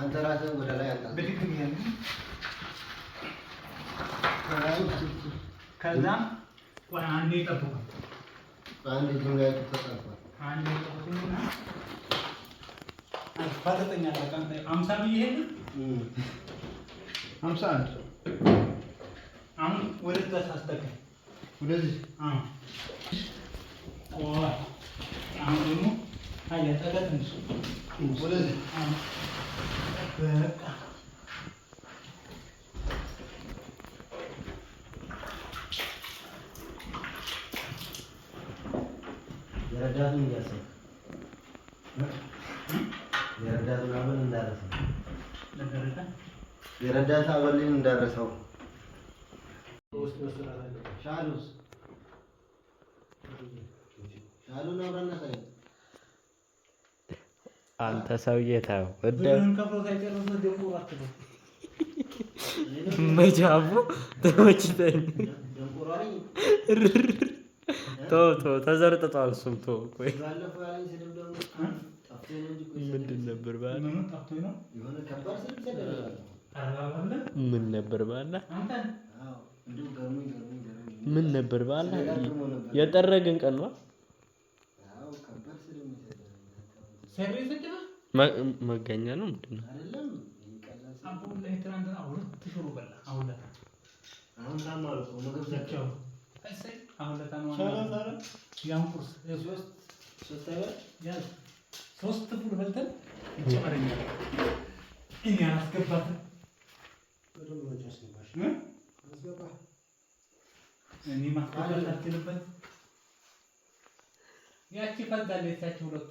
አንተ ራስህ ወደ ላይ አጣ ብድግ ይላል። ከዛ ቆይ አንዴ ይጠብቁት። አንዴ ድንጋይ ተጠልፏል። አንዴ ይጠብቁትና አፋጠኛ ለካን አምሳ ብዬ ሄደ አምሳ አንድ አሁን ወደ ታች አስተካክል። ወደዚህ አሁን ደግሞ የረዳቱን እያሰብክ የረዳቱን አበል እንዳረሰው የረዳት አበልን እንዳረሰው ሻሉስ ሻሉን አብረን አንተ ሰውዬ ተው። መጃቡ ተመችተኝ። ተው ተው፣ ተዘርጥጧል። እሱም ቶ ምንድን ነበር ባለ ምን ነበር ባላ ምን ነበር ባላ የጠረግን ቀን ነው መገኛ ነው ምንድን ነው? ሶስት ፉል በልተን ይጨመረኛል። እኔ አላስገባትም። እኔ ማስገባት አልችልበት። ያቺ ፈዛለች ያቺ ሁለቷ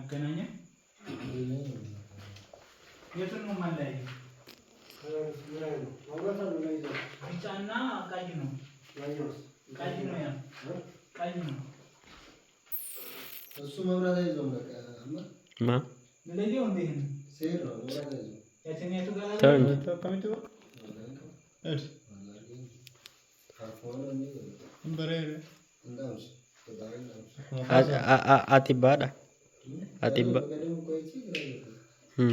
አገናኘ የቱን ነው ማላይ ቢጫና ቀይ ነው። ቀይ ነው ያ ቀይ ነው። እሱ መብራት አይዞህ በቃ ማ ለሌው እንዴ ነው ሴር ነው መብራት አይዞህ የትኛቱ ጋር ነው ተቀምጡ እሺ እንበሬ እንዴ આથી બાર આથી બાર હમ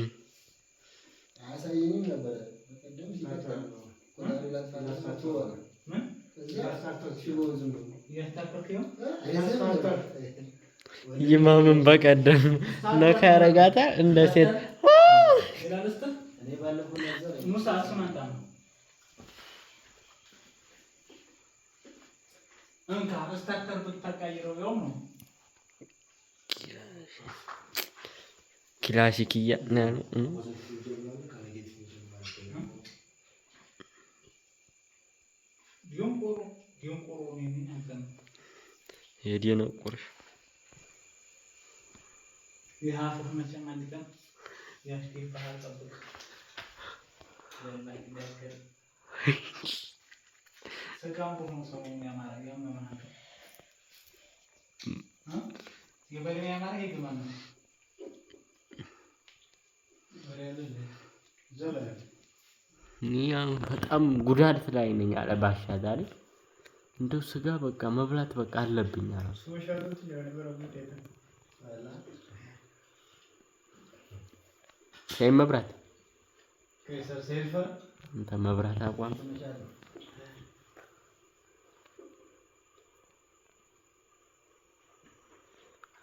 ይማምን በቀደም ነካ ያረጋታል እንደ ሴት Încă, ăsta tărbut parcă ai rău eu, nu? Kilashi kiya ne nu? Diyon koru, diyon koru ne ne antan. Ya dia nak koru. Ya hafif macam mana kan? Ya setiap hari sabuk. Dan lagi በጣም ጉዳት ላይ ነኝ አለ ባሻ ዛሬ። እንደው ስጋ በቃ መብላት በቃ አለብኝ አለ። ሻይ መብራት መብራት አቋም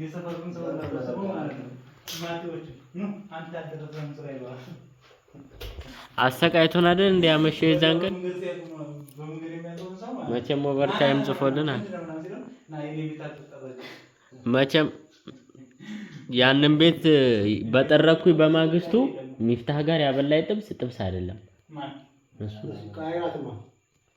የሰፈሩን ሰው ማለት ነው። አሰቃይቶን አይደል እንዲያመሸው የዛን ቀን መቼም ኦቨርታይም ጽፎልናል። መቼም ያንን ቤት በጠረኩኝ በማግስቱ ሚፍታህ ጋር ያበላይ ጥብስ ጥብስ አይደለም።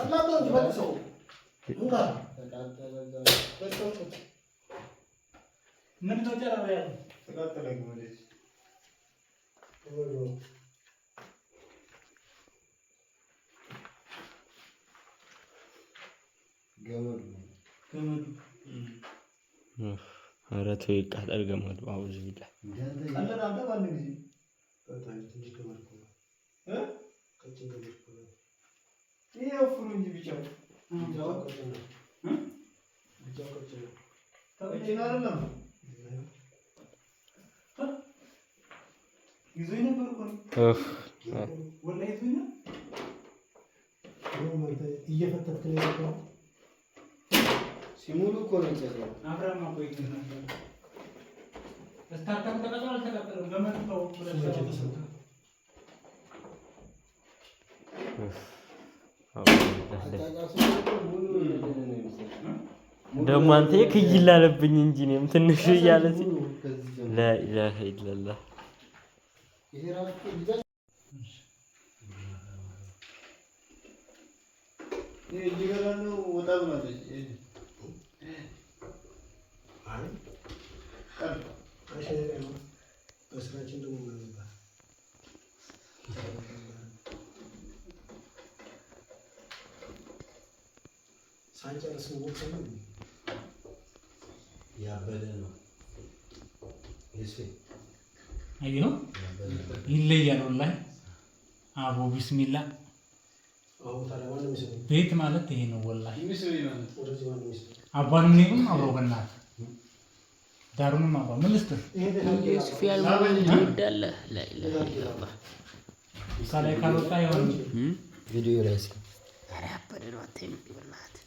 한라도 기반에서 뭔가 नंतर त्याला वेळ गमत አረት ወይ ቃጠል ገመድ አውዝ ቢላ አለ አንተ ባንድ ጊዜ ከታች ትንሽ ገመድ ነው እ ከጭን ገመድ ይሄው ፍሩኝ ቢጫው ቢጫው ከጨና እ ቢጫው ከጨና ታውቂና አይደለም ይዞኝ ነበር እኮ እህ ወላሂ ይዞኝ ነው እየፈተፍክ ነው ያለው ሲሙሉ እኮ ነው ይችላል አብራማ እኮ ይገናል ስታርታም ተቀጥሮ አልተቀጠረም በመጥተው ሁለት ሰው ተሰጥቷል ደግሞ አንተ ክይ ላለብኝ እንጂ እኔም ትንሽ እያለ ላኢላሀ ኢለላህ ሳንጨርስ ወቅት ያበደ ነው አየኸው፣ ይለያል። ወላሂ አቦ ቢስሚላ ቤት ማለት ይሄ ነው። ወላሂ አቧን እኔም አብሮ በእናትህ ዳሩንም አቧ ምን ሳላይ ካልወጣ ይሆን ቪዲዮ ላይ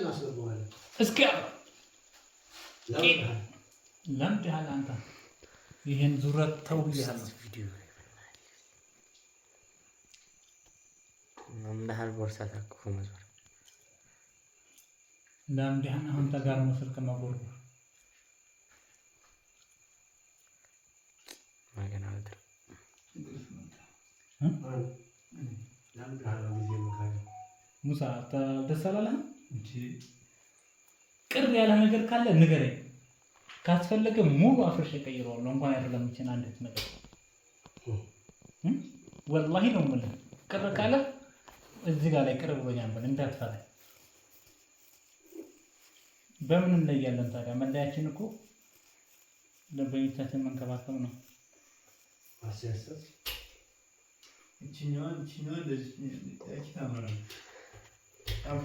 الناس يرموها لك اسكع لم تهل أنت ይህን ዙረት ተው ብያለሁ። መምህር ቦርሳ ታቅፎ መዞር ለምድህን አሁን ተጋር መስል ከመጎርጎር ሙሳ ደስ አላለህም? ቅር ያለ ነገር ካለ ንገረኝ። ካስፈለገ ሙሉ አፍርሼ እቀይረዋለሁ። እንኳን አይደለም ይችን አንዲት ነገር ወላሂ ነው የምልህ። ቅር ካለ እዚህ ጋር ላይ ቅር ብሎኛል ብለን እንዳትፈራ። በምን ላይ ያለን ታዲያ መለያችን እኮ ደንበኞቻችን መንከባከብ ነው። አስያሰብ ይችኛዋን ይችኛዋን ለዚህ ታምራ አፎ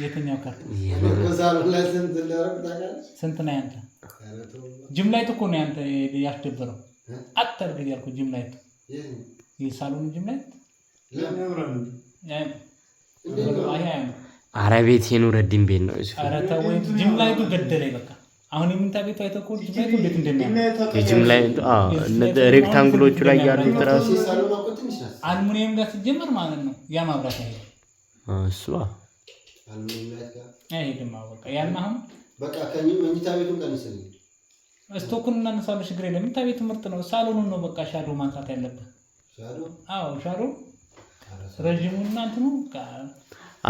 የትኛው ካርታ ስንት ነው ያንተ? ጅምላይቱ እኮ ነው ያንተ ያስደበረው። አታድርግ እያልኩ ጅምላይቱ የሳሎን ጅምላይት አረ ቤት የኑረዲን ቤት ነው። ጅምላይቱ ገደለኝ በቃ። አሁን የምንታ ቤቱ አይተህ እኮ ጅምላይቱ እንዴት እንደሚያ ሬክታንግሎቹ ላይ ያሉት ራሱ አልሙኒየም ጋር ሲጀመር ማለት ነው ያ ማብራት እሱ በቃ ከኝም ስቶኩን እናነሳለን፣ ችግር የለም። መኝታ ቤቱ ምርጥ ነው። ሳሎኑን ነው በቃ ሻዶ ማንሳት ያለብህ። አዎ ሻዶ ረዥሙና እንትኑ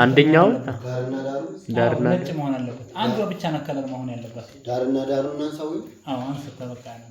አንደኛው ዳርና ነጭ መሆን አለበት። አንዷ ብቻ ነው ከለር መሆን ያለበት። ዳርና ዳሩ እናንሳ ወይ? አዎ አንስተ በቃ ነው